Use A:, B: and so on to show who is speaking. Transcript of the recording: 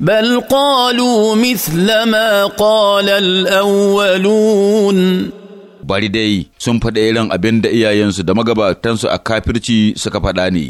A: بل قالوا مثل ما قال الأولون
B: bari dai sun faɗa irin abin da iyayensu da magabatansu a kafirci
C: suka faɗa ne